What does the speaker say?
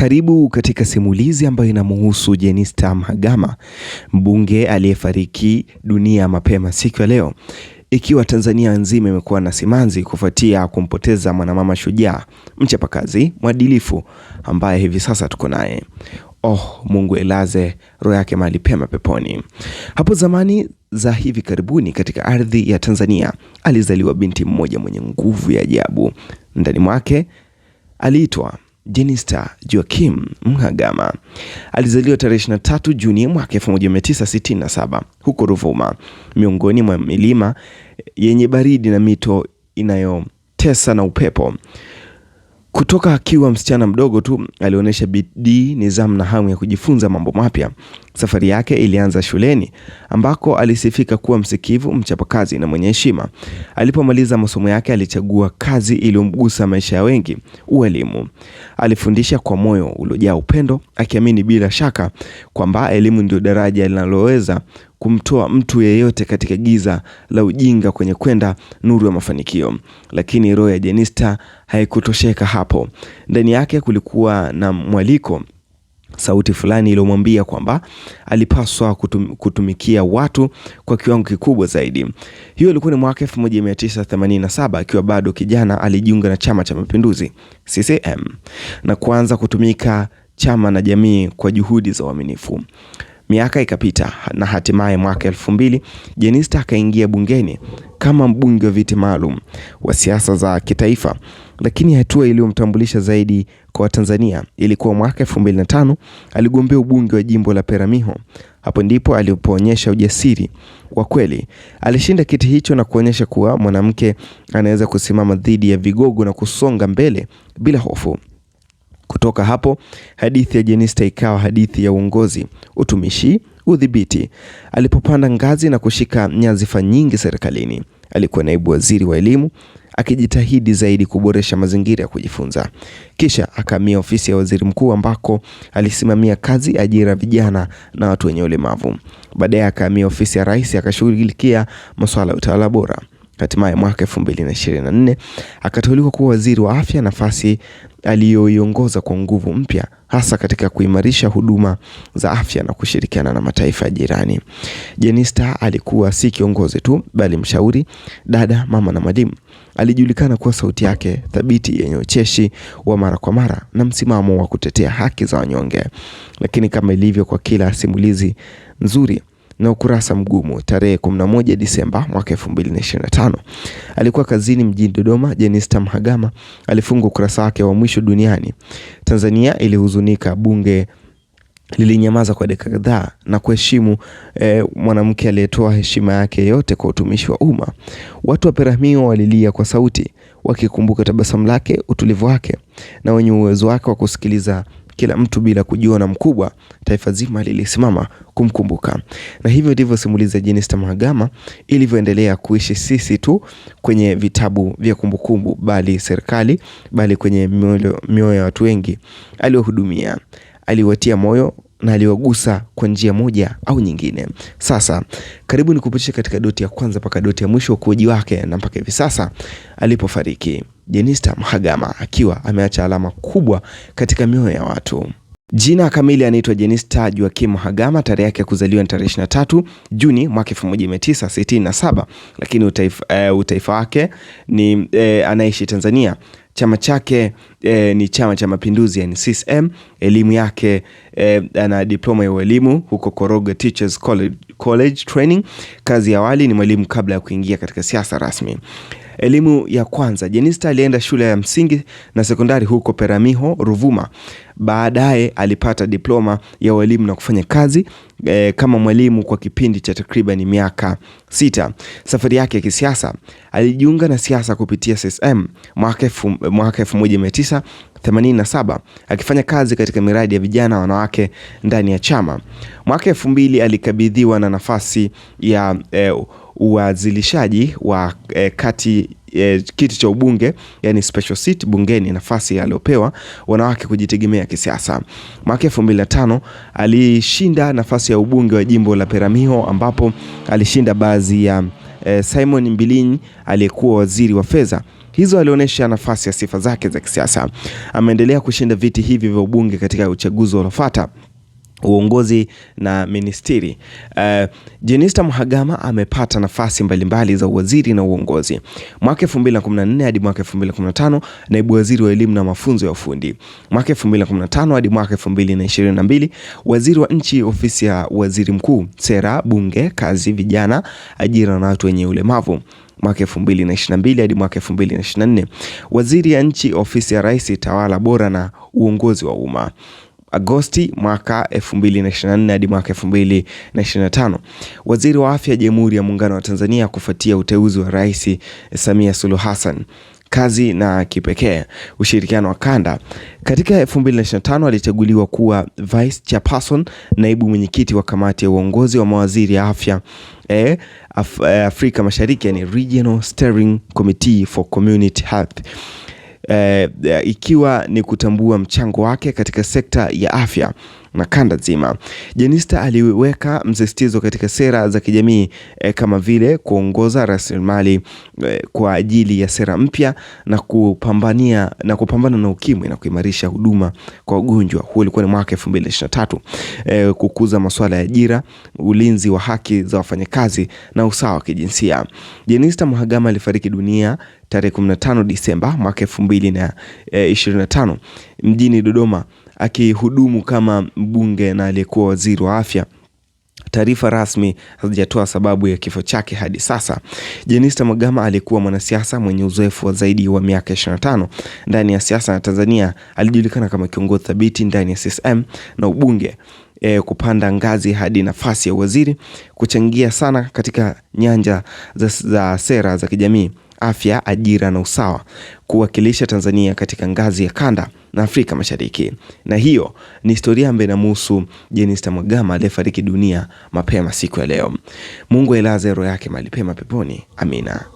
Karibu katika simulizi ambayo inamhusu Jenista Mhagama, mbunge aliyefariki dunia mapema siku ya leo, ikiwa Tanzania nzima imekuwa na simanzi kufuatia kumpoteza mwanamama shujaa, mchapakazi, mwadilifu ambaye hivi sasa tuko naye. Oh, Mungu elaze roho yake mahali pema peponi. Hapo zamani za hivi karibuni katika ardhi ya Tanzania alizaliwa binti mmoja mwenye nguvu ya ajabu. Ndani mwake aliitwa Jenista Joakim Mhagama alizaliwa tarehe 23 Juni mwaka 1967 huko Ruvuma, miongoni mwa milima yenye baridi na mito inayotesa na upepo. Kutoka akiwa msichana mdogo tu alionyesha bidii, nidhamu na hamu ya kujifunza mambo mapya. Safari yake ilianza shuleni ambako alisifika kuwa msikivu, mchapakazi na mwenye heshima. Alipomaliza masomo yake, alichagua kazi iliyomgusa maisha ya wengi, ualimu. Alifundisha kwa moyo uliojaa upendo, akiamini bila shaka kwamba elimu ndio daraja linaloweza kumtoa mtu yeyote katika giza la ujinga kwenye kwenda nuru ya mafanikio. Lakini roho ya Jenista haikutosheka hapo. Ndani yake kulikuwa na mwaliko sauti fulani iliyomwambia kwamba alipaswa kutum, kutumikia watu kwa kiwango kikubwa zaidi. Hiyo ilikuwa ni mwaka 1987 akiwa bado kijana, alijiunga na Chama cha Mapinduzi CCM na kuanza kutumika chama na jamii kwa juhudi za uaminifu. Miaka ikapita na hatimaye mwaka elfu mbili Jenista akaingia bungeni kama mbunge wa viti maalum wa siasa za kitaifa, lakini hatua iliyomtambulisha zaidi kwa Watanzania ilikuwa mwaka 2005 aligombea ubunge wa jimbo la Peramiho. Hapo ndipo alipoonyesha ujasiri wa kweli. Alishinda kiti hicho na kuonyesha kuwa mwanamke anaweza kusimama dhidi ya vigogo na kusonga mbele bila hofu. Kutoka hapo hadithi ya Jenista ikawa hadithi ya uongozi, utumishi, udhibiti. Alipopanda ngazi na kushika nyadhifa nyingi serikalini, alikuwa naibu waziri wa elimu akijitahidi zaidi kuboresha mazingira ya kujifunza. Kisha akahamia ofisi ya waziri mkuu ambako alisimamia kazi, ajira, vijana na watu wenye ulemavu. Baadaye akahamia ofisi ya rais akashughulikia masuala ya utawala bora. Hatimaye mwaka 2024 akateuliwa kuwa waziri wa afya, nafasi aliyoiongoza kwa nguvu mpya, hasa katika kuimarisha huduma za afya na kushirikiana na mataifa ya jirani. Jenista alikuwa si kiongozi tu, bali mshauri, dada, mama na mwalimu. Alijulikana kwa sauti yake thabiti yenye ucheshi wa mara kwa mara na msimamo wa kutetea haki za wanyonge. Lakini kama ilivyo kwa kila simulizi nzuri na ukurasa mgumu tarehe 11 Disemba mwaka 2025. Alikuwa kazini mjini Dodoma. Jenista Mhagama alifunga ukurasa wake wa mwisho duniani. Tanzania ilihuzunika, bunge lilinyamaza kwa dakika kadhaa na kuheshimu eh, mwanamke aliyetoa heshima yake yote kwa utumishi wa umma. Watu wa Peramiho walilia kwa sauti wakikumbuka tabasamu lake, utulivu wake na wenye uwezo wake wa kusikiliza kila mtu bila kujiona mkubwa, taifa zima lilisimama kumkumbuka. Na hivyo ndivyo simulizi ya Jenista Mhagama ilivyoendelea kuishi sisi tu kwenye vitabu vya kumbukumbu, bali serikali, bali kwenye mioyo ya watu wengi aliohudumia, aliwatia moyo na aliwagusa kwa njia moja au nyingine. Sasa karibu nikupitishe katika doti ya kwanza mpaka doti ya mwisho, ukuaji wake na mpaka hivi sasa alipofariki. Jenista Mhagama akiwa ameacha alama kubwa katika mioyo ya watu. Jina kamili anaitwa Jenista Joakim Mhagama. Tarehe yake ya kuzaliwa ni tarehe 23 Juni mwaka 1967, lakini utaifa, e, utaifa wake ni e, anaishi Tanzania. Chama chake e, ni Chama cha Mapinduzi yani CCM. Elimu yake e, ana diploma ya ualimu huko koroga Teachers College, College Training. Kazi ya awali ni mwalimu kabla ya kuingia katika siasa rasmi. Elimu ya kwanza, Jenista alienda shule ya msingi na sekondari huko Peramiho, Ruvuma. Baadaye alipata diploma ya ualimu na kufanya kazi e, kama mwalimu kwa kipindi cha takriban miaka sita. Safari yake ya kisiasa, alijiunga na siasa kupitia CCM mwaka 1987 akifanya kazi katika miradi ya vijana wanawake ndani ya chama. Mwaka mbili alikabidhiwa na nafasi ya e, uwazilishaji wa e, kati e, kiti cha ubunge yani special seat bungeni, nafasi aliyopewa wanawake kujitegemea kisiasa. Mwaka 2005 alishinda nafasi ya ubunge wa jimbo la Peramiho ambapo alishinda baadhi ya e, Simon Mbilinyi aliyekuwa waziri wa fedha. Hizo alionyesha nafasi ya sifa zake za kisiasa. Ameendelea kushinda viti hivi vya ubunge katika uchaguzi uliofuata uongozi na ministiri. Uh, Jenista Mhagama amepata nafasi mbalimbali za uwaziri na uongozi. Mwaka 2014 hadi mwaka 2015 naibu waziri wa elimu na mafunzo ya ufundi. Mwaka 2015 hadi mwaka 2022 waziri wa nchi ofisi ya waziri mkuu, sera, bunge, kazi, vijana, ajira na watu wenye ulemavu mwaka 2022 hadi mwaka 2024 waziri ya nchi ofisi ya rais, tawala bora na uongozi wa umma. Agosti mwaka 2024 hadi mwaka 2025. Waziri wa Afya ya Jamhuri ya Muungano wa Tanzania kufuatia uteuzi wa Rais Samia Suluhu Hassan kazi na kipekee ushirikiano wa kanda. Katika 2025 alichaguliwa kuwa vice chairperson, naibu mwenyekiti wa kamati ya uongozi wa mawaziri ya afya e, Af e, Afrika Mashariki, yani Regional Steering Committee for Community Health eh, ikiwa ni kutambua mchango wake katika sekta ya afya na kanda zima. Jenista aliweka msisitizo katika sera za kijamii e, kama vile kuongoza rasilimali e, kwa ajili ya sera mpya na kupambania na kupambana na ukimwi na kuimarisha huduma kwa wagonjwa. Huo ulikuwa ni mwaka 2023. E, eh, kukuza masuala ya ajira, ulinzi wa haki za wafanyakazi na usawa wa kijinsia. Jenista Mhagama alifariki dunia tarehe 15 Disemba mwaka 2025 mjini Dodoma akihudumu kama mbunge na aliyekuwa waziri wa afya. Taarifa rasmi hazijatoa sababu ya kifo chake hadi sasa. Jenista Magama alikuwa mwanasiasa mwenye uzoefu wa zaidi wa miaka 25 ndani ya siasa na Tanzania. Alijulikana kama kiongozi thabiti ndani ya CCM na ubunge E, kupanda ngazi hadi nafasi ya waziri, kuchangia sana katika nyanja za, za sera za kijamii afya, ajira na usawa kuwakilisha Tanzania katika ngazi ya kanda na Afrika Mashariki. Na hiyo ni historia ambayo inamhusu Jenista Mhagama aliyefariki dunia mapema siku ya leo. Mungu ailaze roho yake mahali pema peponi. Amina.